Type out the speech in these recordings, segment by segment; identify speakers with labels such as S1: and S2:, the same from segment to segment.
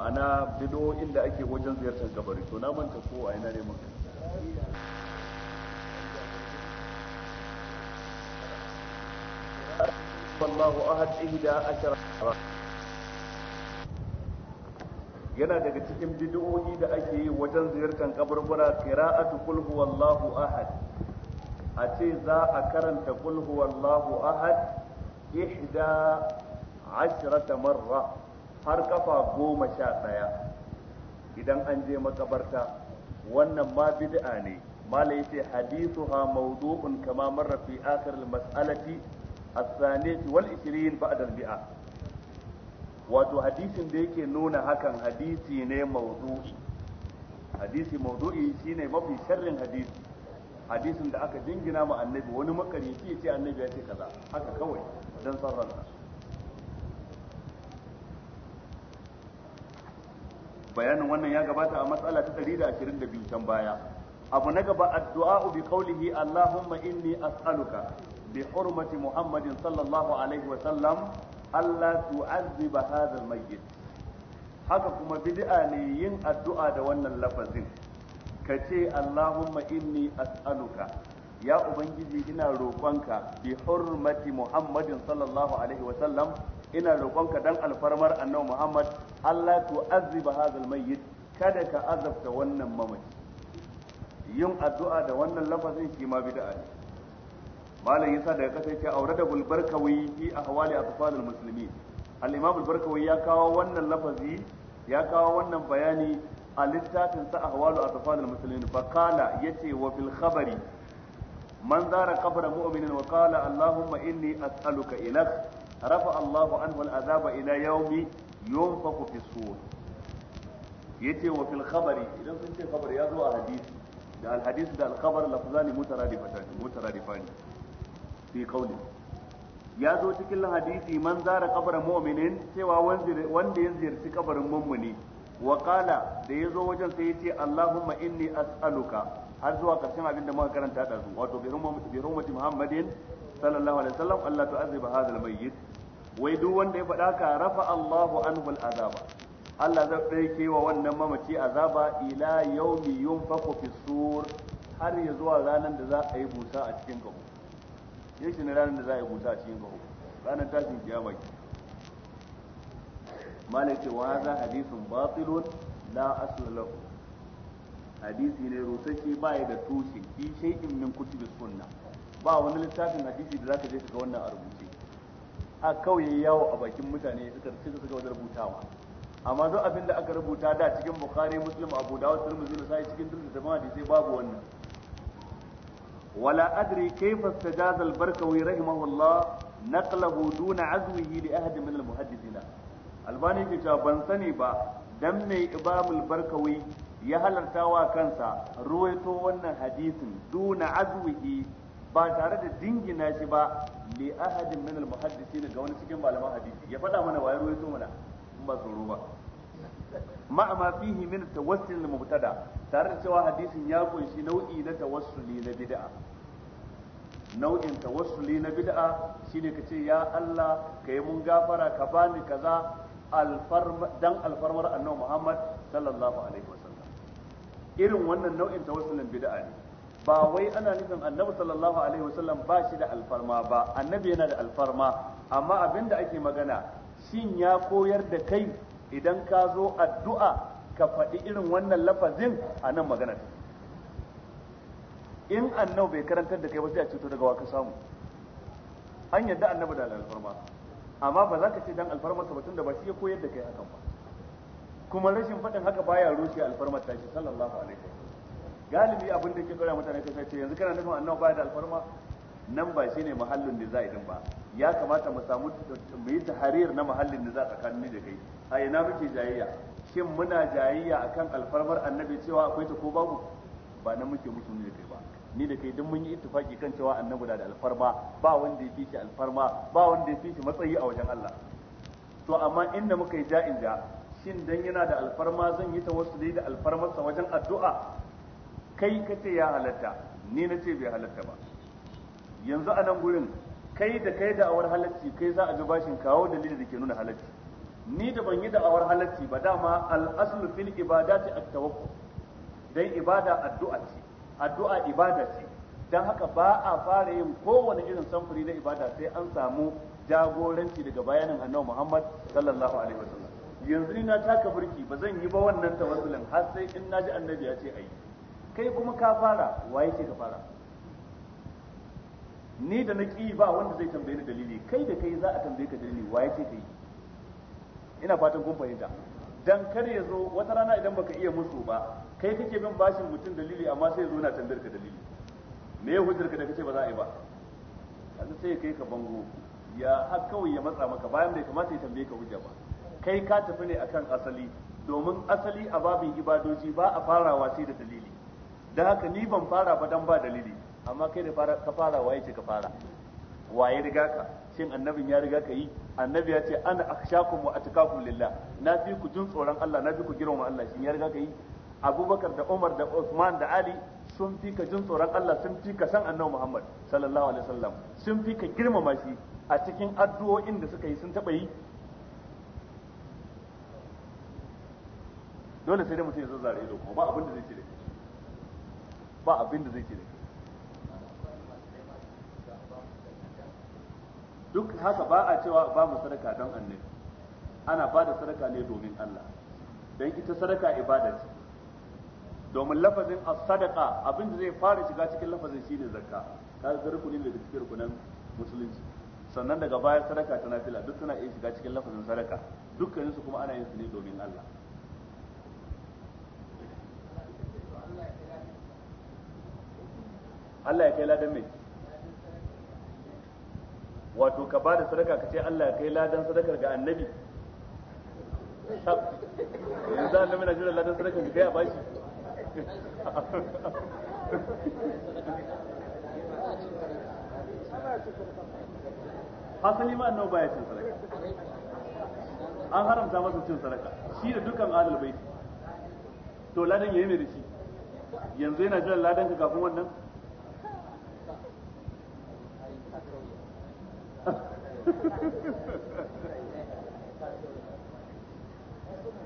S1: ma'ana bido inda ake wajen ziyartar kabari to na manta ko a ina ne maka wallahu ahad ihda ashara yana daga cikin bid'o'i da ake yi wajen ziyartar kaburbura qira'atu qul huwallahu ahad a ce za a karanta qul huwallahu ahad ihda ashrata marra har kafa goma sha ɗaya idan an je makabarta wannan ma bid'a ne mala yace ha mawdu'un kama marra fi akhir al-mas'alati as wal 20 ba'da al wato hadisin da yake nuna hakan hadisi ne mawdu'i hadisi mawdu'i shine mafi sharrin hadisi hadisin da aka jingina ma annabi wani makaryaci ya ce annabi ya ce kaza haka kawai dan sarrafa bayanin wannan ya gabata a matsala ta 122 can baya abu na gaba addu'a bi qawlihi allahumma inni as'aluka bi hurmati muhammadin sallallahu alaihi wa sallam Allah tu'azziba hadha al-mayyit haka kuma bid'a ne yin addu'a da wannan lafazin kace allahumma inni as'aluka ya ubangiji ina roƙonka bi hurmati muhammadin sallallahu alaihi wa sallam ina roƙonka dan alfarmar annabi Muhammad Allah tu'azziba hadzal mayyit kada ka azabta wannan mamaci yin addu'a da wannan lafazin shi ma bid'a ne malam yasa daga kasa yake aure da bulbarkawi fi ahwali atfalil muslimin al-imam al-barkawi ya kawo wannan lafazi ya kawo wannan bayani a littafin sa ahwalu atfalil muslimin fa kala yace wa fil khabari man zara qabra mu'minin wa qala allahumma inni as'aluka ilak rafa Allahu anhu al'azaba ila yaumi yunfaku fi sur yace wa fil idan sun ce ya zo a hadisi da al hadisi da al khabar lafzani ya zo cikin hadisi man zara kabarin mu'minin cewa wanda ya ziyarci kabarin mummuni wa da ya zo wajen sai ya ce inni har zuwa karshen abin da muka karanta da su wato bi hurmati Muhammadin sallallahu alaihi wasallam Allah tu'azziba hadha al-mayyit wai duk wanda ya faɗa ka rafa Allahu anhu azaba Allah zai ɗauke wa wannan mamaci azaba ila yaumi yunfaku fi sur har ya zuwa ranar da za a yi busa a cikin kaho yake ne ranar da za a yi busa a cikin kaho ranar tashin kiyama ki malai ce wa hadha hadithun batilun la asla lahu hadisi ne rusashe ba ya da tushe fi shay'in min kutubi sunna ba wani littafin hadisi da zaka je ka ga wannan a rubuce a kawai yawo a bakin mutane suka ci suka wajen rubutawa amma duk abin da aka rubuta da cikin bukhari muslim abu dawud tirmidhi da sai cikin dukkan sai babu wannan wala adri kayfa istajaza al-barkawi rahimahullah naqlahu duna azwihi li ahad min al-muhaddithina albani ke cewa ban sani ba dan mai ibamul barkawi ya halarta wa kansa ruwaito wannan hadisin duna azwihi ba tare da dingina shi ba li ahadin min al-muhaddisin ga wani cikin malaman hadisi ya faɗa mana wayar ruwaito mana in ba tsoro ba ma ma fihi min tawassul mubtada tare da cewa hadisin ya kunshi nau'i na tawassuli na bid'a nau'in tawassuli na bid'a shine kace ya Allah kai mun gafara ka bani kaza dan alfarmar annabi Muhammad sallallahu alaihi wasallam irin wannan nau'in tawassulin bid'a ne ba wai ana nufin annabi sallallahu alaihi wasallam ba shi da alfarma ba annabi yana da alfarma amma abin da ake magana shin ya koyar da kai idan ka zo addu'a ka faɗi irin wannan lafazin a nan magana in annabi bai karantar da kai ba sai a ceto daga waka samu an yadda annabi da alfarma amma ba za ka ce dan alfarmar sa batun da ba shi ya koyar da kai hakan ba kuma rashin faɗin haka baya rushe alfarmar ta shi sallallahu alaihi galibi abin da ke tsoron mutane ta ce yanzu kana nufin annan baya da alfarma nan ba shine mahallin da za din ba ya kamata mu samu mu yi tahrir na mahallin da za a tsakanin da kai a ina muke jayayya shin muna jayayya akan alfarmar annabi cewa akwai ta ko babu ba nan muke musu ne da kai ba ni da kai duk mun yi ittifaki kan cewa annabi da alfarma ba wanda ya fi shi alfarma ba wanda ya fi shi matsayi a wajen Allah to amma inda muka yi ja'in ja shin dan yana da alfarma zan yi tawassuli da alfarmarsa wajen addu'a kai ka ce ya halatta ni na ce bai halatta ba yanzu a nan gurin kai da kai da'awar halacci kai za a bi bashin kawo dalili da ke nuna halacci ni da ban yi da'awar halacci ba dama al'aslu fil ibadati at-tawakkul dan ibada addu'a ce addu'a ibada ce dan haka ba a fara yin kowane irin samfuri na ibada sai an samu jagoranci daga bayanin annabi Muhammad sallallahu alaihi wasallam yanzu ni na taka burki ba zan yi ba wannan tawassulin har sai in naji annabi ya ce ayi kai kuma ka fara waye ce ka fara ni da na ƙi ba wanda zai tambaye ni dalili kai da kai za a tambaye ka dalili waye ce ka yi ina fatan kun fahimta dan kar ya zo wata rana idan baka iya musu ba kai kake bin bashin mutum dalili amma sai zo na tambayar ka dalili me ya hujjar ka da kace ba za a yi ba kaza sai kai ka bango ya har kawai ya matsa maka bayan bai kamata ya tambaye ka hujja ba kai ka tafi ne akan asali domin asali a babin ibadoji ba a farawa sai da dalili da haka ni ban fara ba dan ba dalili amma kai da ka fara waye ce ka fara waye riga ka shin annabin ya riga ka yi annabi ya ce ana akhshakum wa atqakum lillah na fi ku jin tsoron Allah na fi ku girma Allah shin ya riga ka yi Abubakar da Umar da Uthman da Ali sun fi ka jin tsoron Allah sun fi ka san annabi Muhammad sallallahu alaihi wasallam sun fi ka girmama shi a cikin addu'o'in da suka yi sun taba yi dole sai dai mutum ya zazzare ido kuma ba abin da zai ce da shi ba abin da zai ke da kai duk haka ba a cewa ba mu sadaka don annabi ana ba da sadaka ne domin Allah don ita sadaka ibada ce domin lafazin as-sadaqa abin da zai fara shiga cikin lafazin shine zakka ka ga rukuni ne da cikin rukunan musulunci sannan daga baya sadaka ta nafila duk tana iya shiga cikin lafazin sadaka dukkanin su kuma ana yin su ne domin Allah Allah ya kai ladan mai wato ka bada sadaka ka ce Allah ya kai ladan sadakar ga annabi yanzu annabi na jira ladan sadakar ga kai a bashi hasali ma annabi baya cin sadaka an haramta masa cin sadaka shi da dukkan adal baiti to ladan yayi mai da shi yanzu yana jiran ladan ka kafin wannan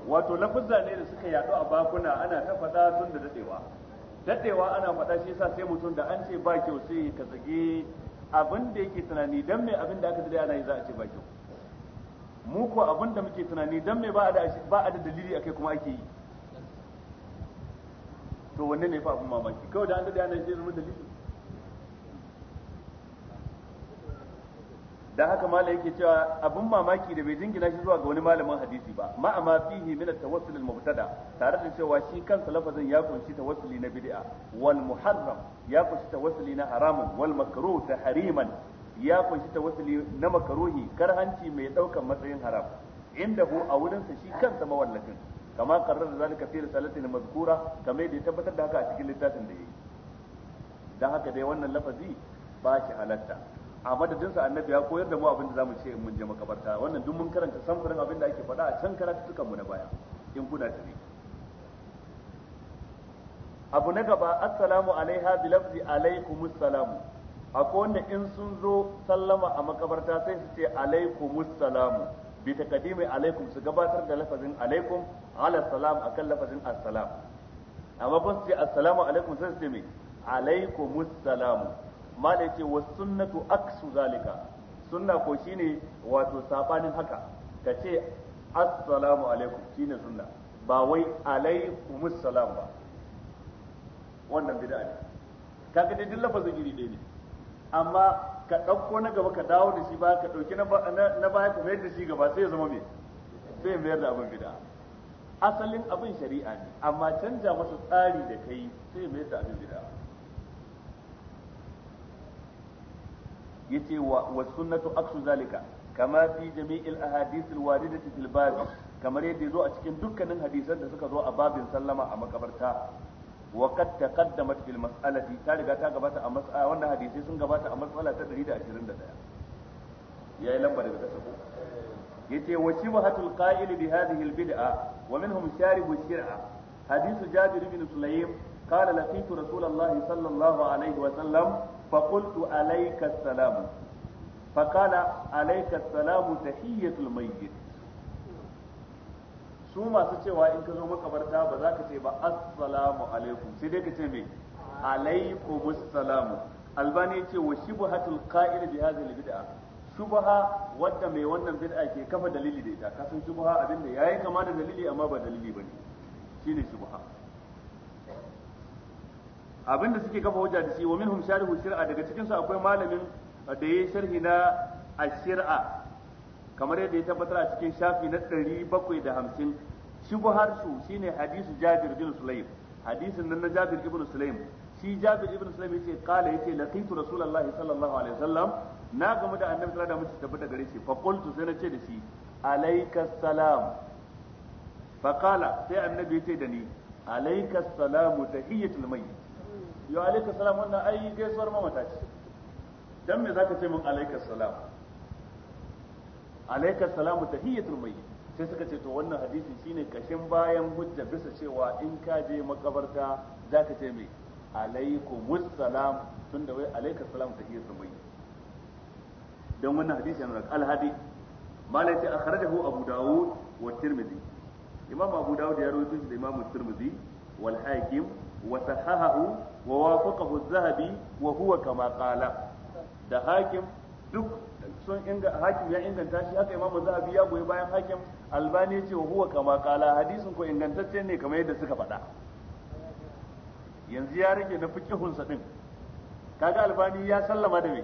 S1: wato lafuzza ne da suka yadu a bakuna ana ta faɗa tun da dadewa dadewa ana faɗa shi yasa sai mutum da an ce ba kyau sai ka zage abin da yake tunani dan me abin da aka dade ana yi za a ce ba kyau mu ko abin da muke tunani dan me ba da ba da dalili akai kuma ake yi to wanne ne fa abin mamaki kawai da an dade ana yi zai zama dalili da haka mala yake cewa abin mamaki da bai jingina shi zuwa ga wani malamin hadisi ba ma amma fihi min at-tawassul al-mubtada tare da cewa shi kansa lafazin ya kunshi tawassuli na bid'a wal muharram ya kunshi tawassuli na haramun wal makruh tahriman ya kunshi tawassuli na makruhi karhanci mai daukan matsayin haram inda hu a wurin sa shi kansa mawallafin kama da zalika fi risalati al-mazkura kame da ya tabbatar da haka a cikin littafin da yake dan haka dai wannan lafazi ba shi halatta a madadin sa annabi ya koyar da mu abin da zamu ce in mun je makabarta wannan duk mun karanta samfurin abin da ake faɗa a can karatukan mu na baya in kuna tare abu na gaba assalamu alaiha bi lafzi alaikumus salam akwai wanda in sun zo sallama a makabarta sai su ce alaikumus salam bi taqdimi alaikum su gabatar da lafazin alaikum ala salam akan lafazin assalam amma ba su ce assalamu alaikum sai su ce me alaikumus salam malai ce wa sunnatu aksu zalika sunna ko shine wato sabanin haka ka ce assalamu alaikum shine sunna ba wai alaikumus salam ba wannan bid'a ne kaga dai duk lafazin iri ɗaya ne amma ka ɗauko na gaba ka dawo da shi ba ka ɗauki na baya ka mayar da shi gaba sai ya zama me sai ya mayar da abin bid'a asalin abin shari'a ne amma canja masa tsari da kai sai ya mayar da abin bid'a yace wa sunnatu aksu zalika kama fi jami'il ahadith alwaridati fil bab kamar yadda yazo a cikin dukkanin hadisan da suka zo a babin sallama a makabarta wa qad taqaddamat fil mas'alati ta riga ta gabata a mas'a wannan hadisi sun gabata a mas'ala ta 121 yayi lamba daga kasa ko yace wa shibhatul qa'il bi hadhihi al bid'a wa minhum sharibu shir'a hadith jabir ibn sulaym قال لقيت رسول الله صلى الله عليه وسلم فقلت عليك السلام فقال عليك السلام تحية الميت su masu cewa in ka zo makabarta ba za ka ce ba assalamu alaikum sai dai ka ce me alaikum assalamu albani ce wa shubhatul qa'il bi hadhihi bid'a shubha wadda mai wannan bid'a ke kafa dalili da ita kasan shubha abinda yayi kama da dalili amma ba dalili bane shine shubha abinda suke kafa hujja da shi wa minhum sharihu shir'a daga cikin su akwai malamin da yayi sharhi na ashir'a. kamar yadda ya tabbatar a cikin shafi na 750 shubuhar su shine hadisu Jabir bin Sulaim hadisin nan na Jabir ibn Sulaim shi Jabir ibn Sulaim yace kala yace laqitu Rasulullahi sallallahu alaihi wasallam na gamu da Annabi sallallahu alaihi wasallam tabbata gare shi fa qultu sai na ce da shi alayka salam fa kala sai Annabi yace da ni alayka salamu tahiyatul mayyit yo alaikar salam wannan ai gaisuwar mamata ce dan me zaka ce mun alaikar salam alaikar salam tahiyatul mayyit sai suka ce to wannan hadisi shine kashin bayan hujja bisa cewa in ka je makabarta zaka ce me alaikumus salam tunda wai alaikar salam tahiyatul mayyit dan wannan hadisi yana da alhadi malai sai akhrajahu abu daud wa tirmidhi imam abu daud ya rawaito shi da imam tirmidhi wal hakim wa sahahahu wa wafaqahu az-zahabi wa huwa kama qala da hakim duk sun inga hakim ya inganta shi haka imamu zahabi ya goyi bayan hakim albani ce huwa kama qala hadisin ko ingantacce ne kamar yadda suka faɗa yanzu ya rage na fiqihun sa din kaga albani ya sallama da me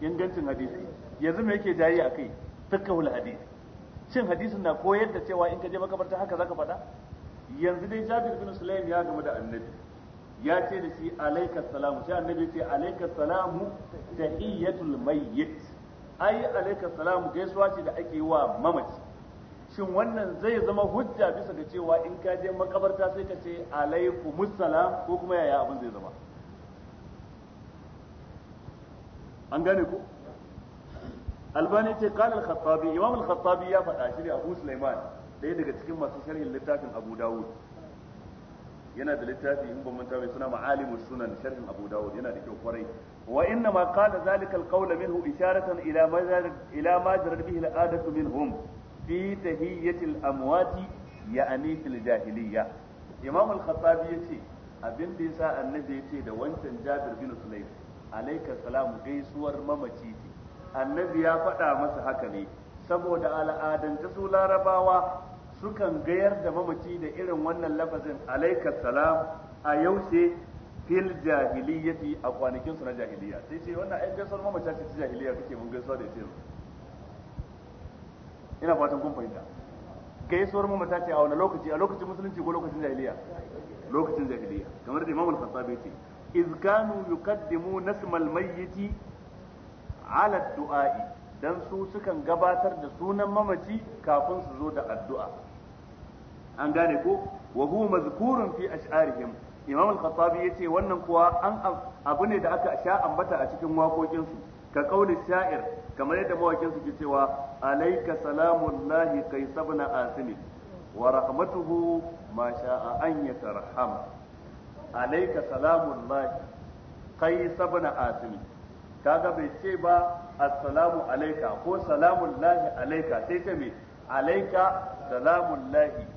S1: ingancin hadisi yanzu me yake jayi akai fiqhul hadisi shin hadisin na koyar da cewa in ka je makabarta haka zaka faɗa yanzu dai Jabir bin Sulaim ya gamu da Annabi ya ce da shi alaika salamu sai annabi ce alaika salamu tahiyyatul mayyit ai salamu gaisuwa ce da ake wa mamaci shin wannan zai zama hujja bisa ga cewa in ka je makabarta sai ka ce alaikumus salam ko kuma yaya abin zai zama an gane ku albani ce qala al-khattabi imam al-khattabi ya faɗa shi ne abu sulaiman ɗaya daga cikin masu sharhin littafin abu dawud yana da littafi in ban manta suna ma'alimu sunan sharhin abu dawud yana da kyau kwarai wa inna ma qala zalika alqawla minhu isharatan ila ma ila ma jarad bihi al'adatu minhum fi tahiyyati al ya'ni fil jahiliyya imam al-khattabi yace abin da yasa annabi yace da wancan jabir bin sulaim alayka salamu gaisuwar mamaci annabi ya faɗa masa haka ne saboda al'adance su larabawa sukan gayar da mamaci da irin wannan lafazin alaikar salam a yaushe fil jahiliyyati a kwanakin su na jahiliya sai ce wannan ai gaisuwar mamaci ce jahiliya kake mun gaisuwa da ita ina fatan kun fahimta gaisuwar mamata ce a wani lokaci a lokacin musulunci ko lokacin jahiliya lokacin jahiliya kamar da imamul khattabi ce iz kanu yuqaddimu nasmal mayyiti ala ad-du'a dan su sukan gabatar da sunan mamaci kafin su zo da addu'a an gane ko wa huwa mazkurun fi ash'arihim imam al-khattabi yace wannan kuwa an abu ne da aka sha ambata a cikin waƙoƙin su ka kauli sha'ir kamar yadda mawakin su ke cewa alayka salamullahi kaisabna asimi wa rahmatuhu ma sha'a an yatarham alayka salamullahi kaisabna asimi kaga bai ce ba assalamu alayka ko salamullahi alayka sai ce me alayka salamullahi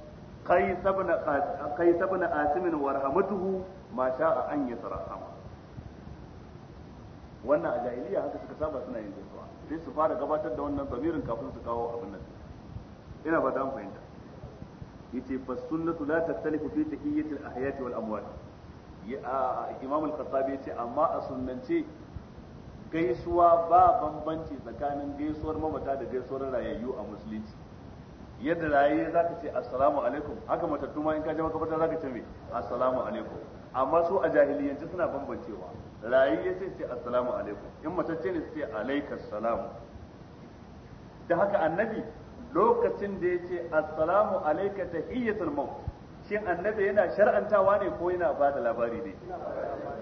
S1: kai sabna asimin warhamatuhu ma sha'a an yatarahama wannan a jahiliya haka suka saba suna yin gaisuwa sai su fara gabatar da wannan zamirin kafin su kawo abin nan ina ba mu fahimta yace fa sunnatu la tattalifu fi tahiyyati al-ahiyat wal amwat imam al ce yace amma a sunnance gaisuwa ba bambanci tsakanin gaisuwar mamata da gaisuwar rayayyu a musulunci yadda raye za ka ce assalamu alaikum haka matattu ma in ka je fata za ka ce mai assalamu alaikum amma su a jahiliyyanci suna bambancewa raye ya ce ce assalamu alaikum in matacce ne sai alaikas salamu da haka annabi lokacin da ya ce assalamu alaika tahiyyatul maut shin annabi yana shar'antawa ne ko yana ba da labari ne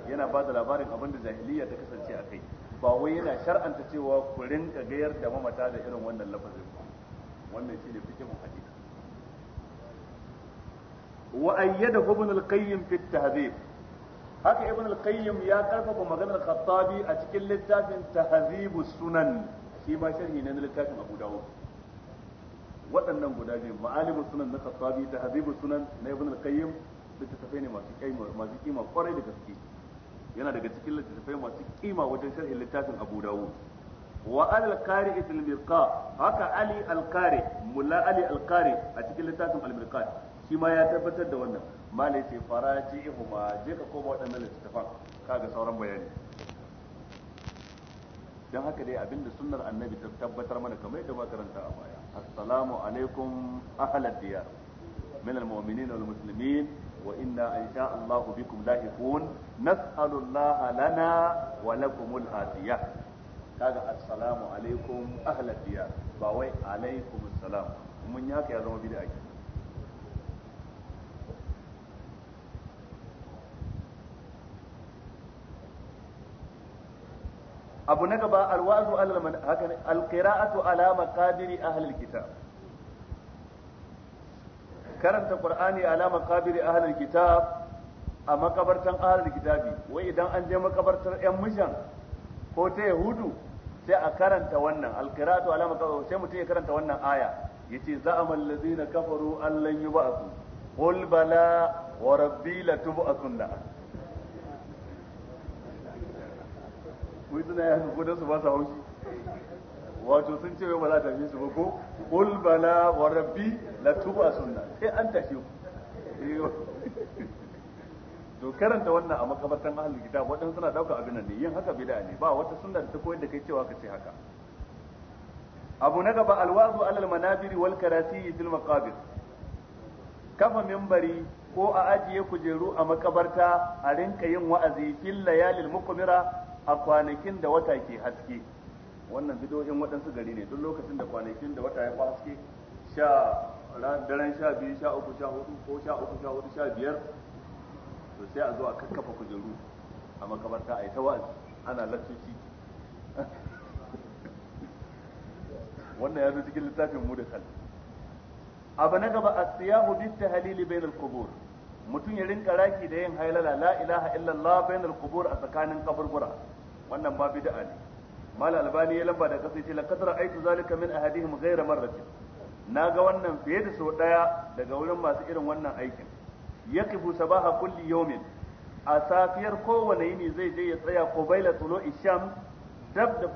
S1: yana ba da labarin abin da jahiliya ta kasance a kai ba wai yana shar'anta cewa ku rinka gayar da mamata da irin wannan lafazin ba wannan shi ne fikihun hadisi wa ayyada ibn al-qayyim fi tahdhib haka ibn al-qayyim ya karfafa maganar khattabi a cikin littafin tahdhibus sunan shi ba sharhi ne na littafin abu dawud waɗannan guda biyu ma'alibus sunan na khattabi tahdhibus sunan na ibn al-qayyim littattafai ne masu kaima masu kima kwarai da gaske yana daga cikin littattafai masu kima wajen sharhin littafin abu dawud wa alal qari fil mirqa haka ali al qari ali al a cikin littafin al mirqat shi ma ya tabbatar da wannan malai ce farajihuma je ka koma waɗannan littafan kaga sauran bayani dan haka dai abinda sunnar annabi ta tabbatar mana kamar yadda makaranta a baya assalamu alaikum ahlad musulmi من المؤمنين والمسلمين وإنا إن شاء الله بكم لاحقون نسأل الله لنا ولكم العافية kaga assalamu alaikum ahlal diyar ba wai alaikum assalam mun ya haka ya zama bid'a ki abu na gaba alwazu alal man haka ne alqira'atu ala maqadiri ahlil kitab karanta qur'ani ala maqadiri ahlil kitab a makabartan ahlul kitabi wai idan an je makabartar yan mushan ko ta yahudu sai a karanta wannan alkiratu alama kafa sai mutum ya karanta wannan aya yace za'ama allazina kafaru allan yub'athu qul bala wa rabbi suna ya su ba sa haushi wato sun ce ba za ta fi su ba ko qul bala wa rabbi latub'athunna sai an tashi to karanta wannan a makabartan ahlul kitab wadannan suna dauka abin nan ne yin haka bid'a ne ba wata sunna da ta koyar da kai cewa ka ce haka abu na gaba alwazu alal manabiri wal karasi fil maqabir kafa minbari ko a ajiye kujeru a makabarta a rinka yin wa'azi fil layalil muqmira a kwanakin da wata ke haske wannan bidoyin waɗansu gari ne duk lokacin da kwanakin da wata ya fa haske sha daren sha biyu sha uku sha hudu ko sha uku sha hudu sha biyar to sai a zo a kakkafa kujeru a makabarta a yi ta wa'azi ana lattoci wannan ya zo cikin littafin mu da kal abu na gaba asiyahu bit tahlili bainal qubur mutum ya rinka raki da yin hailala la ilaha illallah bainal qubur a tsakanin kaburbura wannan ba bid'a ne mal albani ya lamba da kasa ce laqad ra'aytu zalika min ahadihim ghayra marratin naga wannan fiye da sau daya daga wurin masu irin wannan aikin yaqifu sabaha kulli yawmin a safiyar kowane yini zai je ya tsaya qubayla tulu'i isham dab da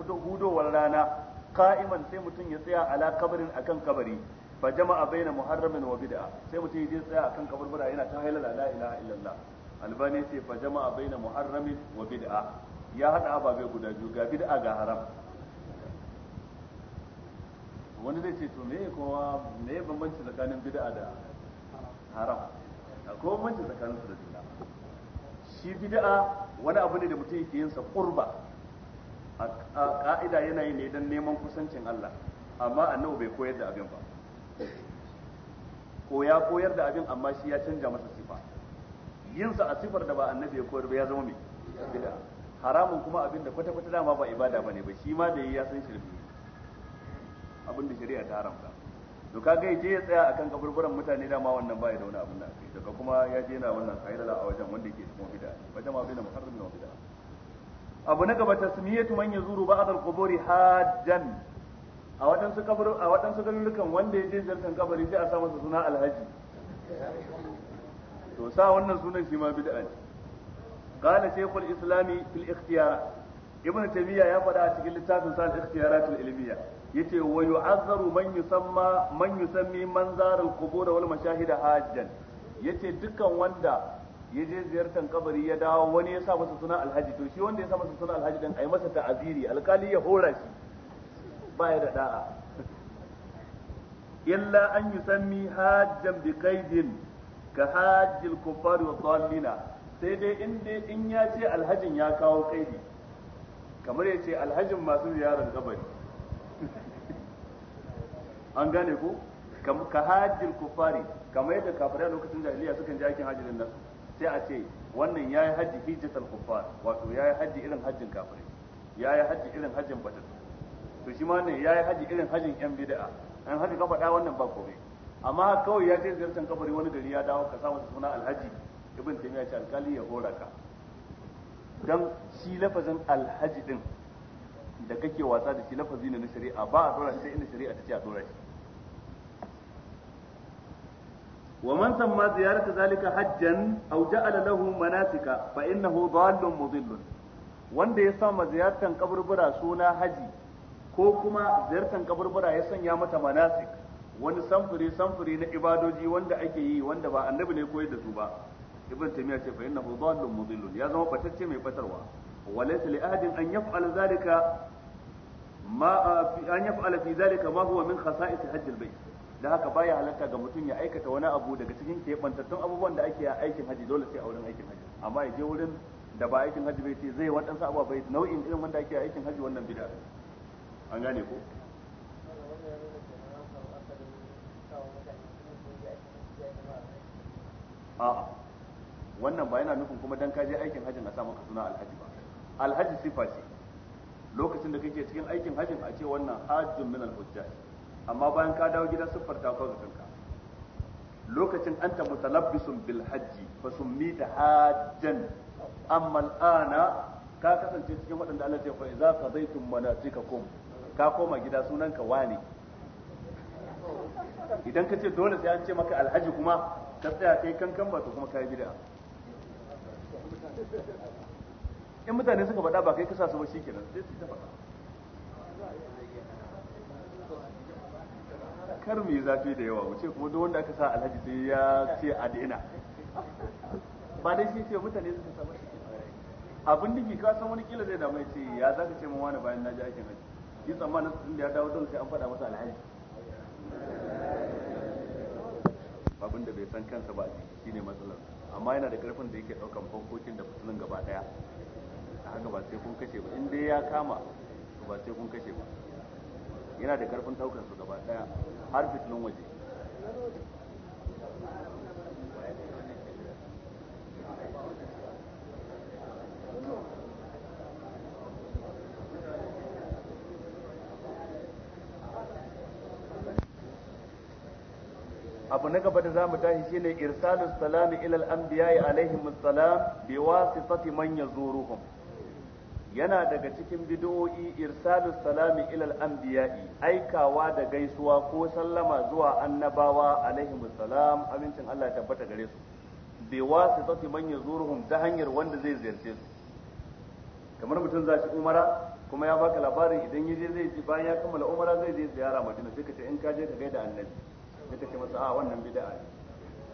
S1: wal rana qa'iman sai mutum ya tsaya ala kabarin akan kabari fa jama'a baina muharramin wa bid'a sai mutum ya je tsaya akan kaburbura yana ta halala la ilaha illallah albani ce fa jama'a baina muharramin wa bid'a ya hada ababe guda biyu ga bid'a ga haram wani zai ce to me kowa me bambanci tsakanin bid'a da haram akwai bambanci tsakanin su da juna shi bid'a wani abu ne da mutum yake yin sa qurba a ka'ida yana yi ne dan neman kusancin Allah amma annabi bai koyar da abin ba ko ya koyar da abin amma shi ya canja masa sifa yin sa a sifar da ba annabi ya koyar ba ya zama mai bid'a haramun kuma abin da kwata-kwata dama ba ibada bane ba shi ma da ya san shirbi abin da shari'a ta haramta to kaga ya je ya tsaya akan kaburburan mutane dama wannan baya da wani abin da kai daga kuma ya je na wannan kaidala a wajen wanda yake cikin bid'a wajen ma bai da muharram na bid'a abu na gaba tasmiyatu man yazuru ba'd al-quburi hajjan a waɗansu kabur a waɗansu garurukan wanda ya je ziyartar kabari sai a sa masa suna alhaji to sa wannan sunan shi ma bid'a ne qala shaykhul islami fil ikhtiyar ibnu taymiya ya faɗa a cikin littafin sa al-ikhtiyarat al yace wa yu'azzaru man yusamma man yusammi manzarul qubur wal mashahida hajjan yace dukkan wanda ya je ziyartar kabari ya dawo wani ya sa masa suna alhaji to shi wanda ya sa masa suna alhaji din ai masa ta'aziri alkali ya hora shi ya da da'a illa an yusammi hajjan bi qaidin ka hajjil kuffar wa dhallina sai dai in dai in ya ce alhajin ya kawo kaidi kamar ya ce alhajin masu ziyarar kabari an gane ko ka hajjil kufari kamar yadda kafirai lokacin jahiliya sukan ji aikin hajjin nasu sai a ce wannan ya yi hajji hijjatal kufar wato ya yi hajji irin hajjin kafirai ya yi hajji irin hajjin batun to shi ma ne ya yi hajji irin hajjin yan bid'a an hajji ka faɗa wannan ba komai amma kawai ya je ziyartar kabari wani gari ya dawo ka samu suna alhaji ibn taymiya ce alkali ya hora ka dan shi lafazin alhaji din da kake wasa da shi lafazi ne na shari'a ba a dora sai inda shari'a ta ce a dora shi ومن سمى زيارة ذلك حجا أو جعل له مناسك فإنه ضال مضل wanda ya sama ziyartar kaburbura suna haji ko kuma ziyartar kaburbura ya sanya mata manasik wani samfuri samfuri na ibadoji wanda ake yi wanda ba annabi ne koyar da su ba ibn taymiya ce fa innahu dhallun mudillun ya zama batacce mai batarwa walaysa li ahadin an yaf'ala zalika ma an yaf'ala fi zalika ma huwa min khasa'is hajj al-bayt da haka baya halatta ga mutum ya aikata wani abu daga cikin keɓantattun abubuwan da ake a aikin haji dole sai a wurin aikin haji amma ya je wurin da ba aikin haji bai ce zai waɗansu bai nau'in irin wanda ake a aikin haji wannan bid'a an gane ko a'a wannan ba yana nufin kuma dan ka je aikin hajjin a sa maka suna alhaji ba alhaji sifa ce lokacin da kake cikin aikin hajjin a ce wannan hajjun min alhujjaj amma bayan ka dawo gida siffar ta kawo kanka lokacin anta mutalabbisun bil hajji fa summi ta hajjan amma al'ana ka kasance cikin waɗanda Allah ya fa idza qadaytum manasikakum ka koma gida sunan ka wani idan ka ce dole sai an ce maka alhaji kuma ka tsaya kai kankan ba to kuma kai gida in mutane suka faɗa ba kai ka sa su ba shikenan sai su ta faɗa kar mu yi zafi da yawa mu ce kuma duk wanda aka sa alhaji sai ya ce a daina ba dai shi ce mutane suka saba shi abin da ka san wani kila zai da mai ce ya zaka ce mun wani bayan na ji aikin haji yi tsammanin sun da ya dawo dole sai an faɗa masa alhaji abin da bai san kansa ba shi ne matsalar amma yana da karfin da yake daukan fankokin da fitilun gaba daya haka ba sai kun kashe ba in dai ya kama ba sai kun kashe ba yana da karfin daukar su gaba daya har fitilun waje abu na gaba da za mu tashi shine irsalu salami ila al-anbiya'i alaihim assalam biwasitati man yazuruhum yana daga cikin bid'o'i irsalu salami ilal anbiya'i aikawa da gaisuwa ko sallama zuwa annabawa alaihi salam amincin Allah ya tabbata gare su bi wasitati man yazuruhum ta hanyar wanda zai ziyarce su kamar mutum za shi umara kuma ya baka labarin idan yaje zai ji bayan ya kammala umara zai je ziyara Madina sai ka ce in ka je ka gaida annabi sai ka ce masa a wannan bid'a ne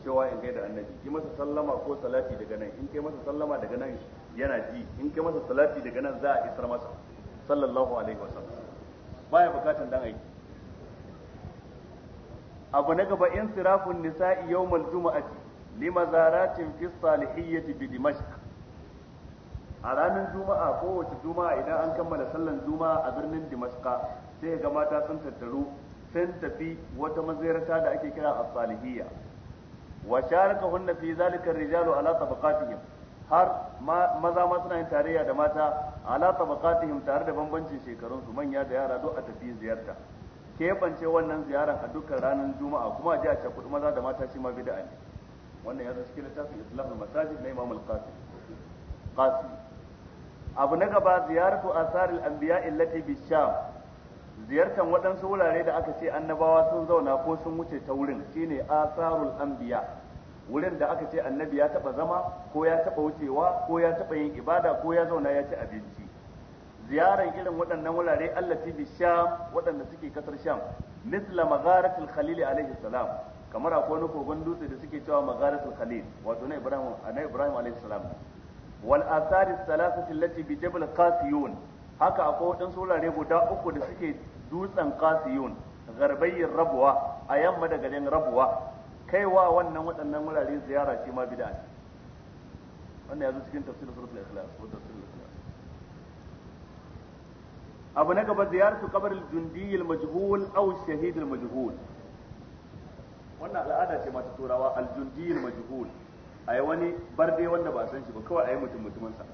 S1: cewa in gaida annabi ki masa sallama ko salati daga nan in kai masa sallama daga nan yana ji in kai masa salati daga nan za a isar masa sallallahu alaihi wasallam baya bukatan dan aiki abu na gaba in sirafun nisa'i yawmal juma'ati limazaratin fi salihiyyati bi dimashq a ranar juma'a kowace juma'a idan an kammala sallan juma'a a birnin dimashq sai ga mata sun tattaru sun tafi wata mazayarta da ake kira as-salihiyya wa sharaka hunna fi zalika ar-rijalu ala tabaqatihim har maza ma suna yin tarayya da mata ala tabaqatihim tare da bambancin shekarun su manya da yara duk a tafi ziyarta keɓance wannan ziyaran a dukkan ranar juma'a kuma a ji a kudu maza da mata shi ma bid'a ne wannan ya zo cikin littafin islahul masajid na imam al-qasim qasim abu na gaba ziyaratu asaril anbiya illati bi sham ziyartan waɗansu wurare da aka ce annabawa sun zauna ko sun wuce ta wurin shine asarul anbiya wurin da aka ce annabi ya taba zama ko ya taba wucewa ko ya taba yin ibada ko ya zauna ya ci abinci ziyaran irin waɗannan wurare allah ta bi sham waɗanda suke kasar sham misla magharatul khalil alaihi salam kamar akwai wani kogon dutse da suke cewa magharatul khalil wato na ibrahim na ibrahim alaihi salam wal athari thalathati allati bi jabal qasiyun haka akwai waɗansu wurare guda uku da suke dutsen qasiyun garbayin rabuwa a yamma da garin rabuwa kaiwa wannan waɗannan wurare ziyara shi ma bid'a ne wannan ya cikin tafsirin suratul ikhlas ko tafsirin ikhlas abu na gaba ziyartu qabr al-jundi al-majhul aw shahid al-majhul wannan al'ada ce mata turawa al-jundi al-majhul ai wani barde wanda ba san shi ba kawai ai mutum mutumansa.